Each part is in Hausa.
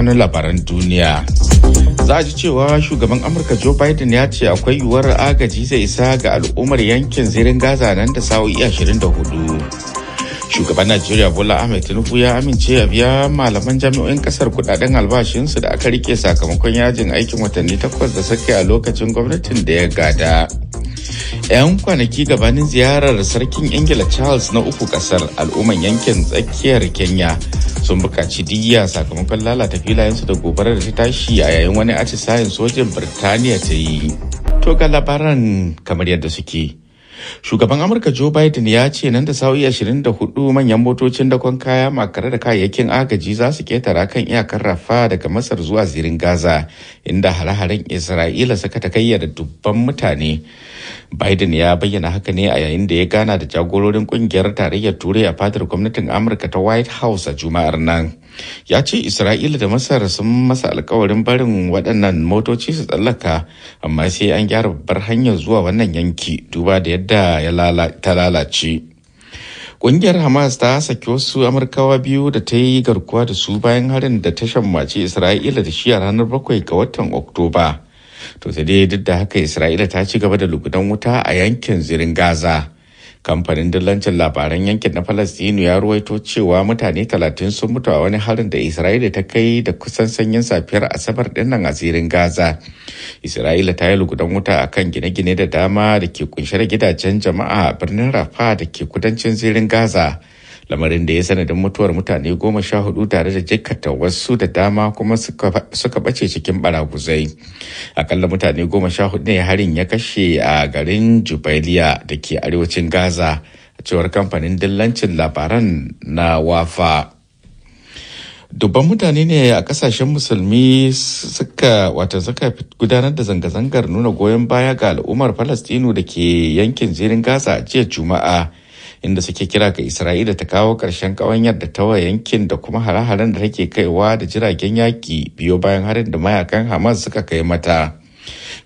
kanun labaran duniya. Za a ji cewa shugaban Amurka Joe Biden ya ce akwai yiwuwar agaji zai isa ga al'ummar yankin zirin Gaza nan da sa'o'i hudu? Shugaban Najeriya Bola Ahmed Tinubu ya amince ya biya malaman jami'o'in kasar kudaden albashinsu da aka rike sakamakon yajin aikin watanni takwas da sake a lokacin gwamnatin da ya gada. 'yan kwanaki gabanin ziyarar sarkin ingila charles na uku kasar al'umman yankin tsakiyar kenya sun bukaci diyya sakamakon lalata filayensu da gobarar da ta tashi a yayin wani atisayen sojin birtaniya ta yi to ga labaran kamar yadda suke shugaban amurka joe biden ya ce nan da sa'o'i hudu manyan motocin dakon kaya makare da kayayyakin agaji za su ketara kan iyakar rafa daga masar zuwa zirin gaza inda hare-haren isra'ila suka takayya da dubban mutane biden ya bayyana haka ne a yayin da ya gana da jagororin kungiyar tarayyar turai a fadar gwamnatin amurka ta white house a juma'ar nan ya ce isra'ila da masar sun masa alkawarin barin waɗannan motoci su tsallaka amma sai an gyara babbar hanyar zuwa wannan yanki duba da yadda ta lalace ƙungiyar hamas ta saki wasu amurkawa biyu da ta yi garkuwa da su bayan harin da ta shammaci isra'ila da shi a ranar bakwai ga watan oktoba to sai dai duk da haka isra'ila ta ci gaba da lugudan wuta a yankin zirin gaza kamfanin dillancin labaran yankin na falastinu ya ruwaito cewa mutane talatin sun mutu a wani harin da isra'ila ta kai da kusan sanyin safiyar asabar dinnan a zirin gaza isra'ila ta yi lugudan wuta a kan gine-gine da dama da ke kunshe da gidajen jama'a a birnin rafa da ke kudancin zirin gaza lamarin da ya sanadin mutuwar mutane goma sha hudu tare da jikkata wasu da dama kuma suka bace cikin baraguzai akalla mutane goma sha hudu ne harin ya kashe a garin jubailiya da ke arewacin gaza a cewar kamfanin dillancin labaran na wafa dubban mutane ne a kasashen musulmi suka wata suka gudanar da zanga-zangar nuna goyon baya ga al'ummar falastinu da ke yankin zirin gaza jiya juma'a inda suke kira ga Isra'ila ta kawo ƙarshen ƙawanyar da ta yankin da kuma hare-haren da take kaiwa da jiragen yaki biyo bayan harin da mayakan Hamas suka kai mata.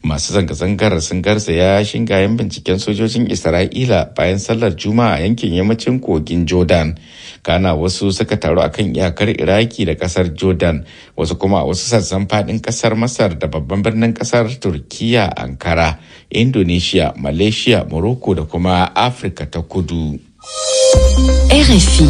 masu zanga-zangar sun garzaya shingayen binciken sojojin isra'ila bayan sallar juma'a yankin yammacin kogin jordan kana wasu suka taru a kan iyakar iraki da kasar jordan wasu kuma a wasu sassan fadin kasar masar da babban birnin kasar turkiya ankara indonesia malaysia morocco da kuma afirka ta kudu RFI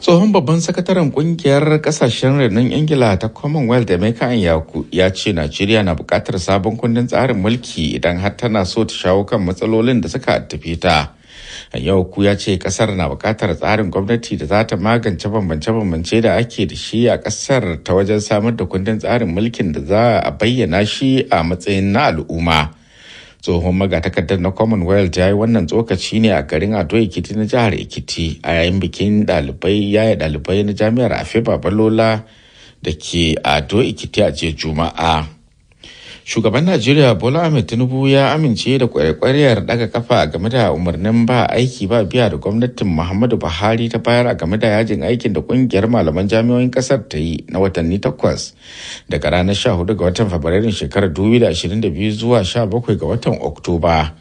tsohon babban sakataren kungiyar kasashen renon ingila ta commonwealth da emeka yaku ya ce najeriya na bukatar sabon kundin tsarin mulki idan har tana so ta shawo kan matsalolin da suka addabe ta ku ya ce kasar na bukatar tsarin gwamnati da za ta magance bambance-bambance da ake da shi a kasar ta wajen samar da kundin tsarin mulkin da za a bayyana shi a matsayin na al'umma tsohon magatakardar na commonwealth ya yi wannan tsokaci ne a garin ado ekiti na jihar ikiti a yayin bikin ɗalibai yaya dalibai na jami'ar afe babalola da ke ado ikiti a jiya juma'a shugaban najeriya bola ahmed tinubu ya amince da kwarekwariyar daga kafa game da umarnin ba aiki ba biya da gwamnatin muhammadu buhari ta bayar a game da yajin aikin da kungiyar malaman jami'o'in kasar ta yi na watanni takwas daga ranar hudu ga watan fabrairun shekarar da da ashirin biyu zuwa sha bakwai ga watan oktoba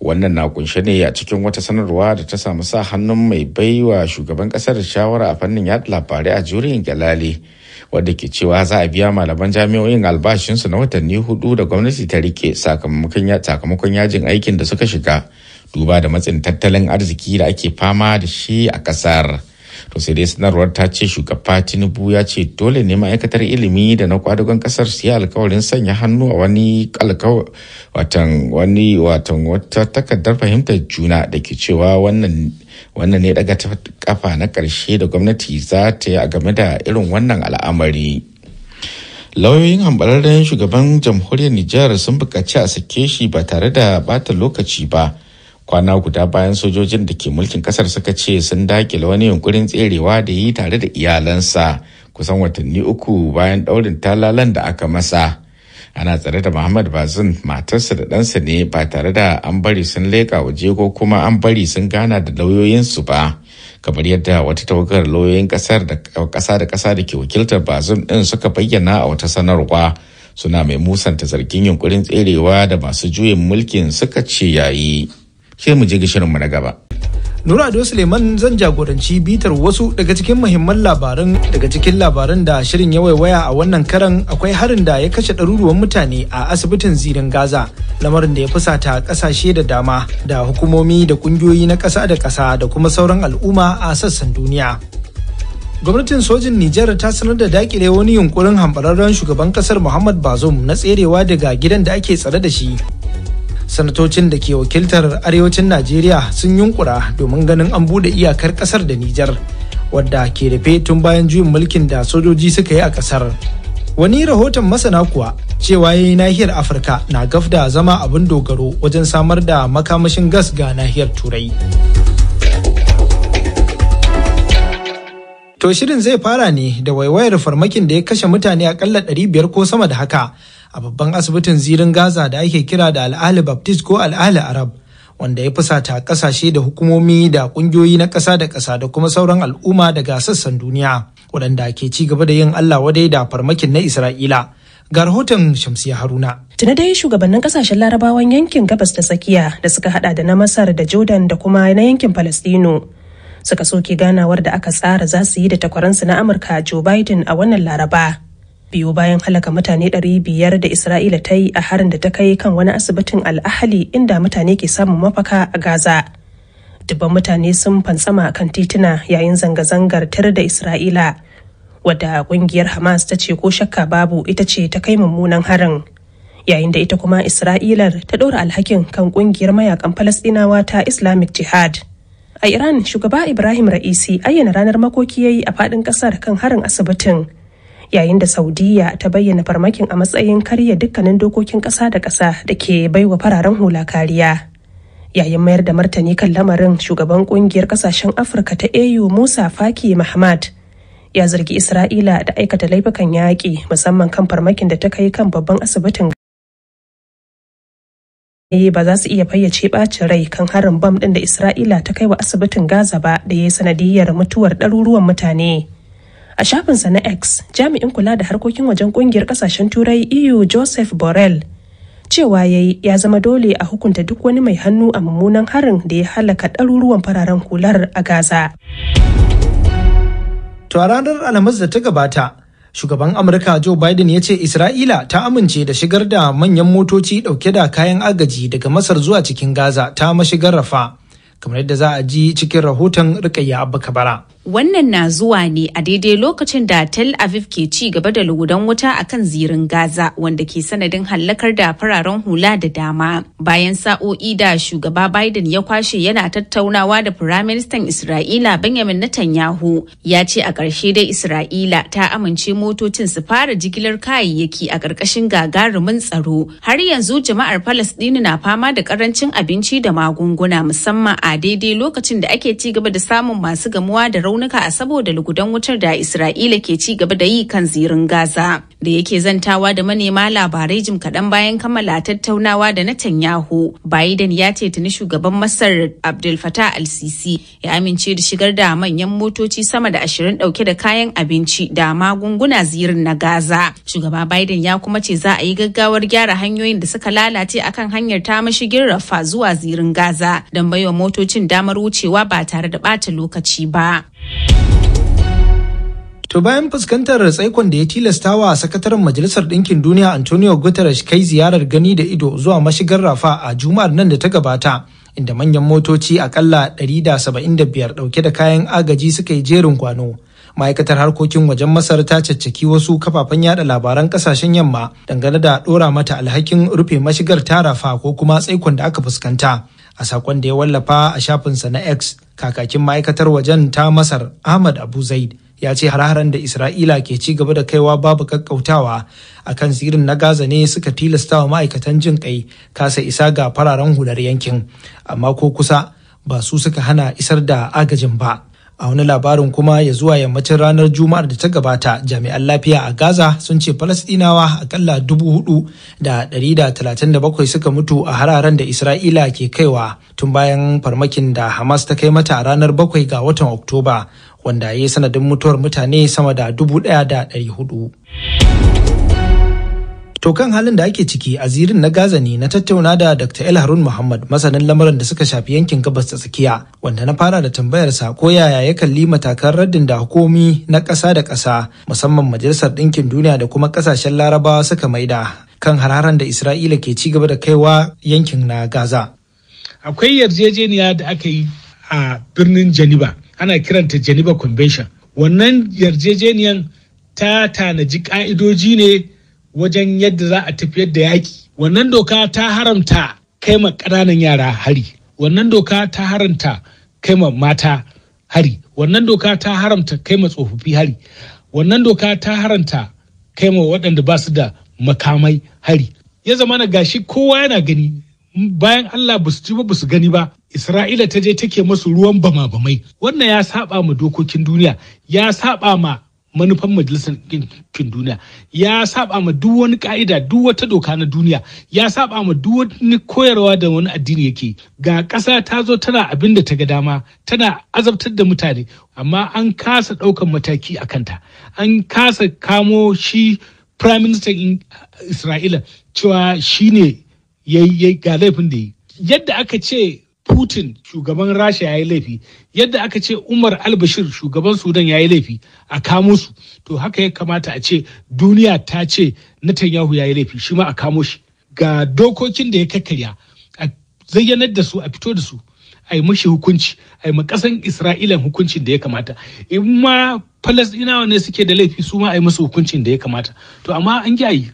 wannan na kunshe ne a cikin wata sanarwa da ta samu sa hannun mai baiwa shugaban kasar shawara a fannin yada labarai a juriyin galali wadda ke cewa za a biya malaman jami'o'in albashinsu na watanni hudu da gwamnati ta rike sakamakon yajin aikin da suka shiga duba da matsin tattalin arziki da ake fama da shi a kasar to sai dai sanarwar ta ce shugaba tinubu ya ce dole ne ma'aikatar ilimi da na kwadugon kasar su yi alkawarin sanya hannu a wani watan wani watan wata takardar fahimtar juna da ke cewa wannan wannan ne daga kafa na ƙarshe da gwamnati za ta yi a game da irin wannan al'amari lauyoyin hambararren shugaban jamhuriyar nijar sun buƙaci a sake shi ba tare da bata lokaci ba kwana guda bayan sojojin da ke mulkin kasar suka ce sun dakile wani yunkurin tserewa da yi tare da iyalansa kusan watanni uku bayan daurin talalan da aka masa ana tsare da muhammad bazin matarsa da ɗansa ne ba tare da an bari sun leƙa waje ko kuma an bari sun gana da lauyoyinsu ba kamar yadda wata tawagar lauyoyin ƙasa da ƙasa da ke wakiltar bazin ɗin suka bayyana a wata sanarwa suna mai musanta zargin yunkurin tserewa da masu juyin mulkin suka ce yayi. Sai mu je gishirinmu na gaba. Nura Ado Suleiman zan jagoranci bitar wasu daga cikin muhimman labaran daga cikin labaran da shirin ya waiwaya a wannan karan akwai harin da ya kashe ɗaruruwan mutane a asibitin zirin Gaza lamarin da ya fusata ƙasashe da dama da hukumomi da ƙungiyoyi na ƙasa da ƙasa da kuma sauran al'umma a sassan duniya. Gwamnatin sojin Nijar ta sanar da dakile wani yunkurin hambararren shugaban ƙasar Muhammad Bazoum na tserewa daga gidan da ake tsare da shi sanatocin da ke wakiltar arewacin najeriya sun yunkura domin ganin an bude iyakar kasar da nijar wadda ke rufe tun bayan juyin mulkin da sojoji suka yi a kasar wani rahoton masana kuwa cewa ya yi nahiyar afirka na gaf da zama abin dogaro wajen samar da makamashin gas ga nahiyar turai to shirin zai fara ne da waiwayar farmakin da ya kashe mutane akalla 500 ko sama da haka a babban asibitin zirin Gaza da ake kira da Al'ali Baptist ko Al'ali Arab wanda ya fusata kasashe da hukumomi da kungiyoyi na ƙasa da ƙasa da kuma sauran al'umma daga sassan duniya waɗanda ke ci gaba da yin Allah wadai da farmakin na Isra'ila. Ga rahoton Shamsiya Haruna. Tuna dai shugabannin kasashen larabawan yankin gabas da tsakiya da suka hada da na Masar da Jordan da kuma na yankin palestino Suka soke ganawar da aka tsara za su yi da takwaransu na Amurka Joe Biden a wannan Laraba. biyu bayan halaka mutane ɗari biyar da Isra'ila ta yi a harin da ta kai kan wani asibitin al'ahali inda mutane ke samun mafaka a Gaza. Dubban mutane sun fantsama kan tituna yayin zanga-zangar tar da Isra'ila, wadda ƙungiyar Hamas ta ce ko shakka babu ita ce ta kai mummunan harin. Yayin da ita kuma Isra'ilar ta ɗora alhakin kan ƙungiyar mayakan Falasɗinawa ta Islamic Jihad. A Iran, shugaba Ibrahim Ra'isi ayyana ranar makoki yayi a faɗin ƙasar kan harin asibitin. yayin da saudiya ta bayyana farmakin a matsayin karya dukkanin dokokin kasa da kasa da ke baiwa fararen hula kariya yayin mayar da martani kan lamarin shugaban kungiyar kasashen afirka ta au musa faki mahmad ya zargi isra'ila da aikata laifukan yaƙi musamman kan farmakin da ta kai kan babban asibitin eh, ba za su iya fayyace bacin rai kan harin bam ɗin da isra'ila ta kai wa asibitin gaza ba da ya yi sanadiyar mutuwar ɗaruruwan mutane A shafin sa na X, jami'in kula da harkokin wajen kungiyar kasashen Turai EU Joseph Borrell cewa ya ya zama dole a hukunta duk wani mai hannu a mummunan harin da ya halaka ɗaruruwan fararen hular a Gaza. To a ranar Alhamis da ta gabata, shugaban Amurka Joe Biden ya ce Isra'ila ta amince da shigar da manyan motoci dauke da kayan agaji daga Masar zuwa cikin Gaza ta mashigar Rafa, kamar yadda za a ji cikin rahoton rikayya Abba Kabara. Wannan na zuwa ne a daidai lokacin da Tel Aviv ke ci gaba da lugudan wuta a kan zirin Gaza wanda ke sanadin hallakar da fararen hula da dama. Bayan sa'o'i da shugaba Biden ya kwashe yana tattaunawa da Firaministan Isra'ila Benjamin Netanyahu ya ce a ƙarshe dai Isra'ila ta amince motocin su fara jigilar kayayyaki a ƙarƙashin gagarumin tsaro. Har yanzu jama'ar Falasɗinu na fama da ƙarancin abinci da magunguna musamman a daidai lokacin da ake ci gaba da samun masu gamuwa da raunuka a saboda lugudan wutar da Isra'ila ke ci gaba da yi kan zirin Gaza. Da yake zantawa da manema labarai jim kaɗan bayan kammala tattaunawa da Netanyahu, Biden ya ce tuni shugaban Masar Abdel Fattah al-Sisi ya amince da shigar da manyan motoci sama da ashirin ɗauke da kayan abinci da magunguna zirin na Gaza. Shugaba Biden ya kuma ce za a yi gaggawar gyara hanyoyin da suka lalace akan hanyar ta mashigin Rafa zuwa zirin Gaza don baiwa motocin damar wucewa ba tare da bata lokaci ba. To bayan fuskantar tsaikon da ya tilastawa sakataren Majalisar Ɗinkin Duniya Antonio Guterres kai ziyarar gani da ido zuwa mashigar Rafa a Juma'ar nan da ta gabata, inda manyan motoci akalla biyar ɗauke da kayan agaji suka yi jerin kwano. ma'aikatar harkokin wajen masar ta caccaki wasu kafafen yada labaran kasashen yamma dangane da ɗora mata alhakin rufe mashigar ta Rafa ko kuma tsaikon da aka fuskanta a sakon da ya wallafa a shafinsa na x kakakin ma'aikatar wajen ta masar ahmad abu zaid ya ce har da isra'ila ke ci gaba da kaiwa babu kakkautawa a kan zirin na gaza ne suka tilastawa ma'aikatan jin kai kasa isa ga fararen hular yankin amma ko kusa ba su suka hana isar da agajin ba a wani labarin kuma ya zuwa yammacin ranar juma'ar da ta gabata jami'an lafiya a gaza sun ce falasdinawa akalla dubu hudu da dari da talatin da bakwai suka mutu a hararen da isra'ila ke kaiwa tun bayan farmakin da hamas ta kai mata ranar bakwai ga watan oktoba wanda ya yi sanadin mutuwar mutane sama da dubu daya da dari hudu. To kan halin da ake ciki a zirin na Gaza ne na tattauna da Dr. El Harun Muhammad masanin lamarin da suka shafi yankin gabas ta tsakiya wanda na fara da tambayar sa ko yaya ya kalli matakan raddin da hukumi na ƙasa da ƙasa musamman Majalisar Ɗinkin Duniya da kuma ƙasashen Larabawa suka maida kan hararen da Isra'ila ke ci gaba da kaiwa yankin na Gaza. Akwai yarjejeniya da aka yi a birnin Geneva ana kiranta geneva convention wannan yarjejeniyan ta tanaji ƙa'idoji ne wajen yadda za a tafiyar da yaƙi wannan doka ta haramta kai ma ƙananan yara hari wannan doka ta haramta kai mata hari wannan doka ta haramta kai tsofaffi hari wannan doka ta haramta kai waɗanda ba su da makamai hari ya zama na gashi kowa yana gani bayan Allah ba su ci ba su gani ba Isra'ila ta je take masu ruwan bama-bamai wannan ya saba ma dokokin duniya ya saba ma manufan majalisar ɗinkin duniya ya saba ma duk wani ka'ida duk wata doka na duniya ya saba ma duk wani koyarwa da wani addini yake ga ƙasa ta zo tana abin da ta ga dama tana azabtar da mutane amma an kasa ɗaukan mataki a kanta an kasa kamo shi prime minister in isra'ila cewa shine ya ga laifin da yi yadda aka ce putin shugaban rasha ya yi laifi yadda aka ce umar albashir shugaban sudan ya yi laifi a kamo su to haka ya kamata a ce duniya ta ce netanyahu ya yi laifi shi ma a kamo shi ga dokokin da ya kakkarya a zayyanar da su a fito da su a yi mashi hukunci a yi makasan isra'ila hukuncin da ya kamata in ma falasdinawa ne suke da laifi su ma a yi musu hukuncin da ya kamata to amma an yi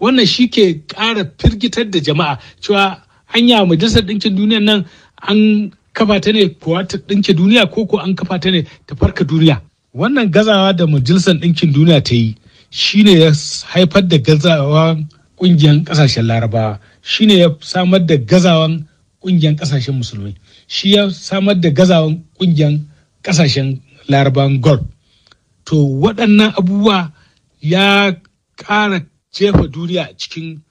wannan shi ke ƙara firgitar da jama'a cewa anya majalisar ɗinkin duniya nan an kafa ta ne kuwa ta ɗinke duniya ko ko an kafa ta ne ta farka duniya wannan gazawa da majalisar ɗinkin duniya ta yi shine ya haifar da gazawa ƙungiyar ƙasashen larabawa shine ya samar da gazawan ƙungiyar ƙasashen musulmai shi ya samar da gazawan ƙungiyar ƙasashen larabawan gold to waɗannan abubuwa ya ƙara jefa duniya cikin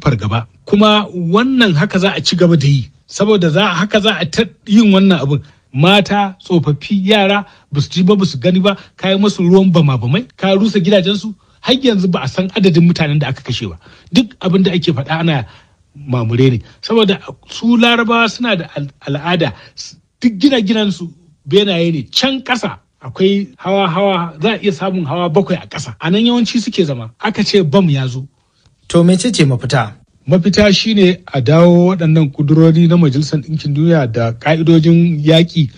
fargaba kuma wannan haka za a ci gaba da yi saboda za haka za a yin wannan abin mata tsofaffi yara ba su ji ba ba su gani ba ka yi masu ruwan bama bamai ka rusa gidajensu har yanzu ba a san adadin mutanen da aka kashe ba duk abin da ake faɗa ana mamure ne saboda su larabawa suna da al'ada duk gina-ginansu benaye ne can ƙasa akwai hawa-hawa za a iya samun hawa bakwai a ƙasa a nan yawanci suke zama aka ce bam ya zo to mecece mafita mafita shine a dawo waɗannan kudurori na majalisar ɗinkin duniya da ƙa'idojin yaƙi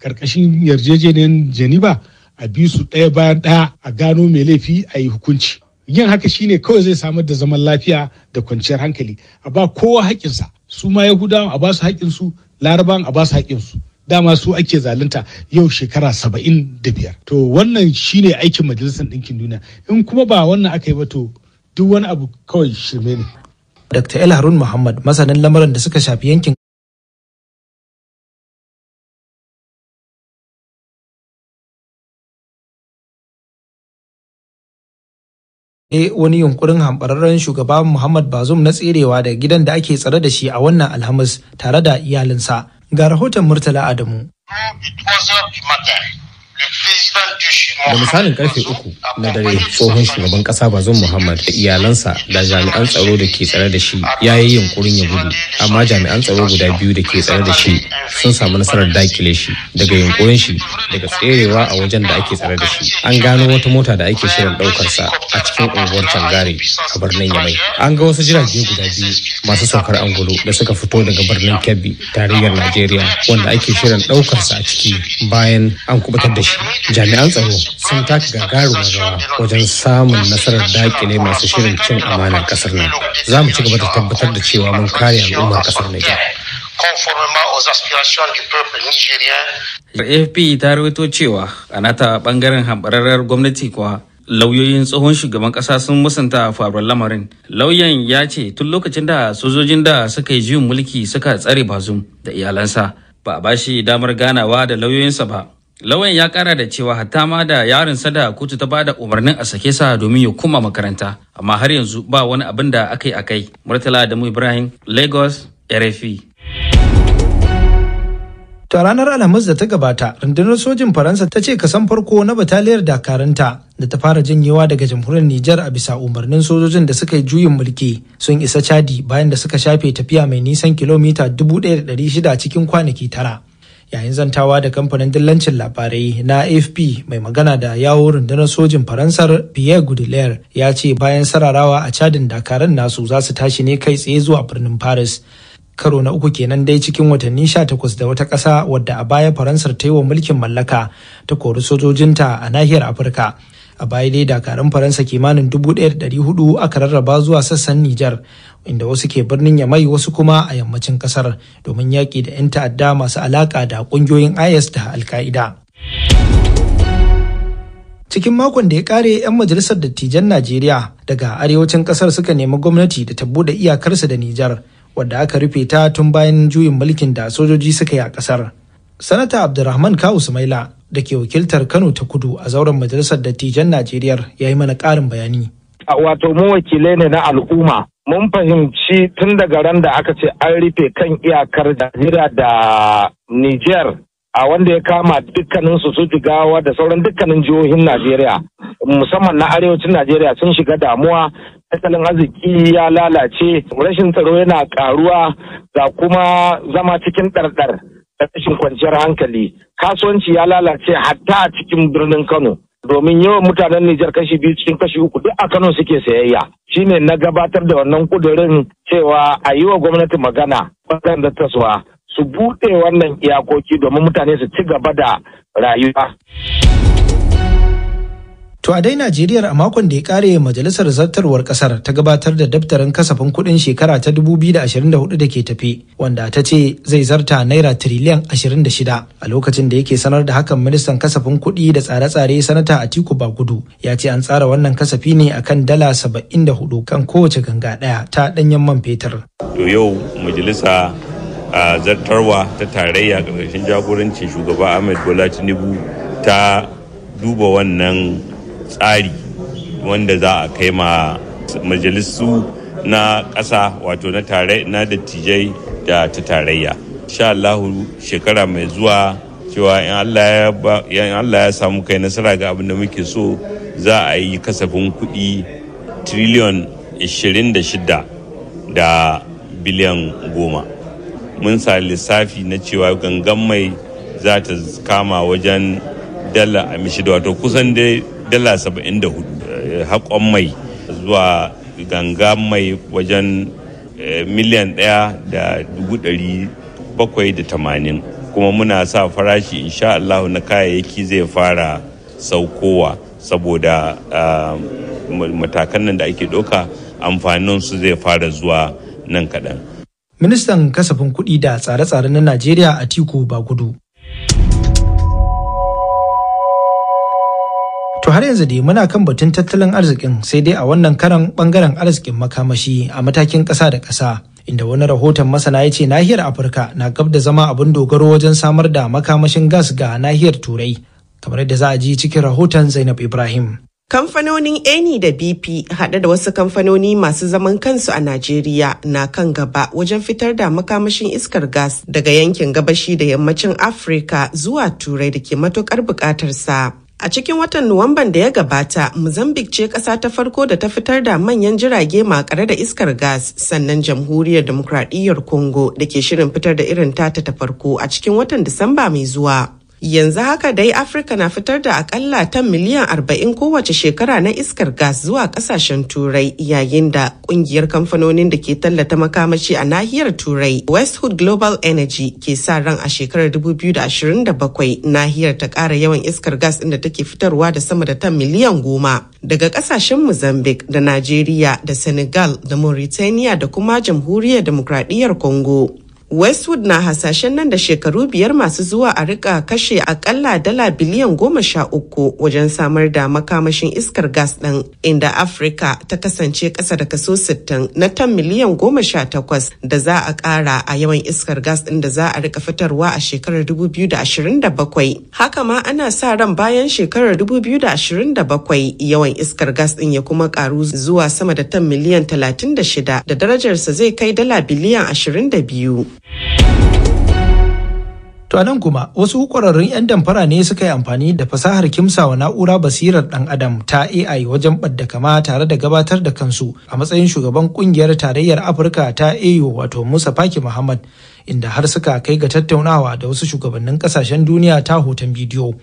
ƙarƙashin yarjejeniyar janiba a bi su ɗaya bayan ɗaya a gano mai laifi a yi hukunci yin haka shine kawai zai samar da zaman lafiya da kwanciyar hankali a ba kowa haƙƙinsa su ma yahudawan a ba su haƙƙinsu larabawan a ba su haƙƙinsu dama su ake zalunta yau shekara saba'in da biyar to wannan shine aikin majalisar ɗinkin duniya in kuma ba wannan aka yi ba to duk wani abu kawai shirme ne Dr. El Harun Muhammad masanin lamarin da suka shafi yankin e wani yunkurin hambararren shugaba Muhammad Bazum na tserewa da gidan da ake tsare da shi a wannan Alhamis tare da iyalinsa. Ga rahoton Murtala Adamu. da misalin karfe uku na dare tsohon shugaban kasa Bazon muhammad da iyalansa da jami'an tsaro da ke tsare da shi ya yi yunkurin ya gudu amma jami'an tsaro guda biyu da ke tsare da shi sun samu nasarar dakile shi daga yunkurin shi daga tserewa a wajen da ake tsare da shi an gano wata mota da ake shirin daukarsa a cikin unguwar Cangare a birnin yamai an ga wasu jirage guda biyu masu saukar angulu da suka fito daga birnin kebbi tarayyar najeriya wanda ake shirin daukarsa a ciki bayan an kubutar da shi jami'an tsaro sun taka gagarumar rawa wajen samun nasarar dakile masu shirin cin amanar kasar nan za mu ci gaba da tabbatar da cewa mun kare al'ummar kasar Nijar. conformément aux aspirations du AFP ta rawaito cewa a nata bangaren hambararren gwamnati kuwa lauyoyin tsohon shugaban kasa sun musanta faruwar lamarin. Lauyan ya ce tun lokacin da sojojin da suka yi juyin mulki suka tsare bazum da iyalansa ba a bashi damar ganawa da lauyoyinsa ba. Lawan ya kara da cewa hatta ma da yaron da kotu ta bada umarnin a sake sa domin ya koma makaranta amma har yanzu ba wani abin da aka akai akai. Murtala Adamu Ibrahim Lagos RFI. Ta ranar Alhamis da ta gabata, rundunar sojin Faransa ta ce kasan farko na bataliyar dakaranta da ta fara janyewa daga jamhuriyar Nijar a bisa umarnin sojojin da suka yi juyin mulki sun isa Chadi bayan da suka shafe tafiya mai nisan kilomita 1,600 cikin kwanaki tara. yayin zantawa da kamfanin dillancin labarai na afp mai magana da yawo rundunar sojin faransar pierre goudelaire ya ce bayan sararawa a cadin dakaran nasu za su tashi ne kai tsaye zuwa birnin paris karo na uku kenan dai cikin watanni 18 da wata ƙasa wadda a baya faransar ta yi wa mulkin mallaka ta kori sojojinta a nahiyar afirka a baya dai dakarun faransa kimanin 1400 aka rarraba zuwa sassan nijar inda wasu ke birnin Yamai wasu kuma a yammacin kasar domin yaƙi da 'yan ta'adda masu alaƙa da ƙungiyoyin IS da al cikin makon da ya kare 'yan majalisar dattijan najeriya daga arewacin kasar suka nemi gwamnati da ta buɗe iyakarsa da nijar wadda aka rufe ta tun bayan juyin mulkin da sojoji suka yi a kasar sanata abdulrahman kawu sumaila da ke wakiltar kano ta kudu a zauren majalisar dattijan najeriya ya yi mana ƙarin bayani wato mu wakilai ne na al'umma mun fahimci tun daga ran da aka ce an rufe kan iyakar Najeriya da Niger a wanda ya kama dukkanin su su jigawa da sauran dukkanin jihohin Najeriya musamman na arewacin Najeriya sun shiga damuwa tattalin arziki ya lalace rashin tsaro yana karuwa ga kuma zama cikin ɗarɗar da rashin kwanciyar hankali kasuwanci ya lalace hatta a cikin birnin Kano domin yawan mutanen Nijar kashi biyu cikin kashi uku duk a Kano suke sayayya shine na gabatar da wannan kudirin cewa a yi wa gwamnati magana da taswa su buɗe wannan iyakoki domin mutane su ci gaba da rayuwa. To a dai Najeriya a makon da ya kare majalisar zartarwar kasar ta gabatar da daftarin kasafin kuɗin shekara ta 2024 da ke tafi wanda ta ce zai zarta naira tiriliyan 26 a lokacin da yake sanar da hakan ministan kasafin kuɗi da tsare-tsare sanata Atiku Bagudu ya ce an tsara wannan kasafi ne akan dala 74 kan kowace ganga ɗaya ta ɗanyen man fetur. To yau majalisa a zartarwa ta tarayya ƙarƙashin jagorancin shugaba Ahmed Bola Tinubu ta duba wannan tsari wanda za a kai ma majalisu na ƙasa wato na tare na dattijai da ta tarayya sha Allahu shekara mai zuwa cewa in Allah ya samu kai nasara ga abin da muke so za a yi kasafin kuɗi triliyon 26 da biliyan goma mun sa lissafi na cewa gangan mai za ta kama wajen dala amishi wato kusan dai dala 74 eh, haƙon mai zuwa ganga mai wajen eh, miliyan ɗaya da dubu ɗari bakwai da tamanin kuma muna sa farashi insha Allah na kayayyaki zai fara saukowa saboda ah, matakan nan da ake ɗauka amfanin su zai fara zuwa nan kaɗan. Ministan kasafin kuɗi da tsare-tsare na Najeriya a Tiku gudu To har yanzu dai muna kan batun tattalin arzikin sai dai a wannan karan bangaren arzikin makamashi a matakin ƙasa da ƙasa. Inda wani rahoton masana ya ce nahiyar Afirka na gab da zama abin dogaro wajen samar da makamashin gas ga nahiyar Turai. Kamar da za a ji cikin rahoton Zainab Ibrahim. Kamfanonin Eni da BP haɗe da wasu kamfanoni masu zaman kansu a Najeriya na kan gaba wajen fitar da makamashin iskar gas daga yankin gabashi da yammacin Afirka zuwa Turai da ke matuƙar buƙatarsa. A cikin watan Nuwamban da ya gabata, Mozambique ce ƙasa ta farko da ta fitar da manyan jirage makare da iskar gas sannan jamhuriyar demokradiyyar Congo da ke shirin fitar da irin tata ta farko a cikin watan Disamba mai zuwa. Yanzu haka dai Afirka na fitar da akalla ta miliyan 40 kowace shekara na iskar gas zuwa kasashen Turai yayin da kungiyar kamfanonin da ke tallata makamashi a nahiyar Turai Westwood Global Energy ke sa ran a shekarar 2027 nahiyar ta ƙara yawan iskar gas inda take fitarwa da sama da tan miliyan goma daga kasashen Mozambique da Najeriya da Senegal da Mauritania da kuma Jamhuriyar Demokradiyyar Congo. Westwood na hasashen nan da shekaru biyar masu zuwa a rika kashe akalla dala biliyan goma sha uku wajen samar da makamashin iskar gas ɗin inda Afirka ta kasance ƙasa da kaso 60 na tan miliyan goma sha takwas da za a ƙara a yawan iskar gas ɗin da za a rika fitarwa a shekarar 2027. Haka ma ana sa ran bayan shekarar 2027 yawan iskar gas ɗin ya kuma ƙaru zuwa sama da tan miliyan 36 da darajarsa zai kai dala biliyan 22. To anan kuma wasu ƙwararrun 'yan damfara ne suka yi amfani da fasahar kimsawa na'ura basirar ɗan adam ta AI wajen ɓadda kama tare da gabatar da kansu a matsayin shugaban ƙungiyar tarayyar Afirka ta AU wato Musa Faki Muhammad inda har suka kai ga tattaunawa da wasu shugabannin ƙasashen duniya ta hoton bidiyo.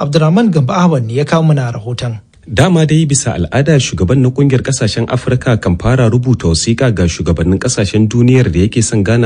Abdurrahman Gamba Ahmad ne ya kawo mana rahoton. Dama dai bisa al'ada shugaban na kungiyar kasashen Afirka kan fara rubuta wasiƙa ga shugabannin kasashen duniyar da yake son gana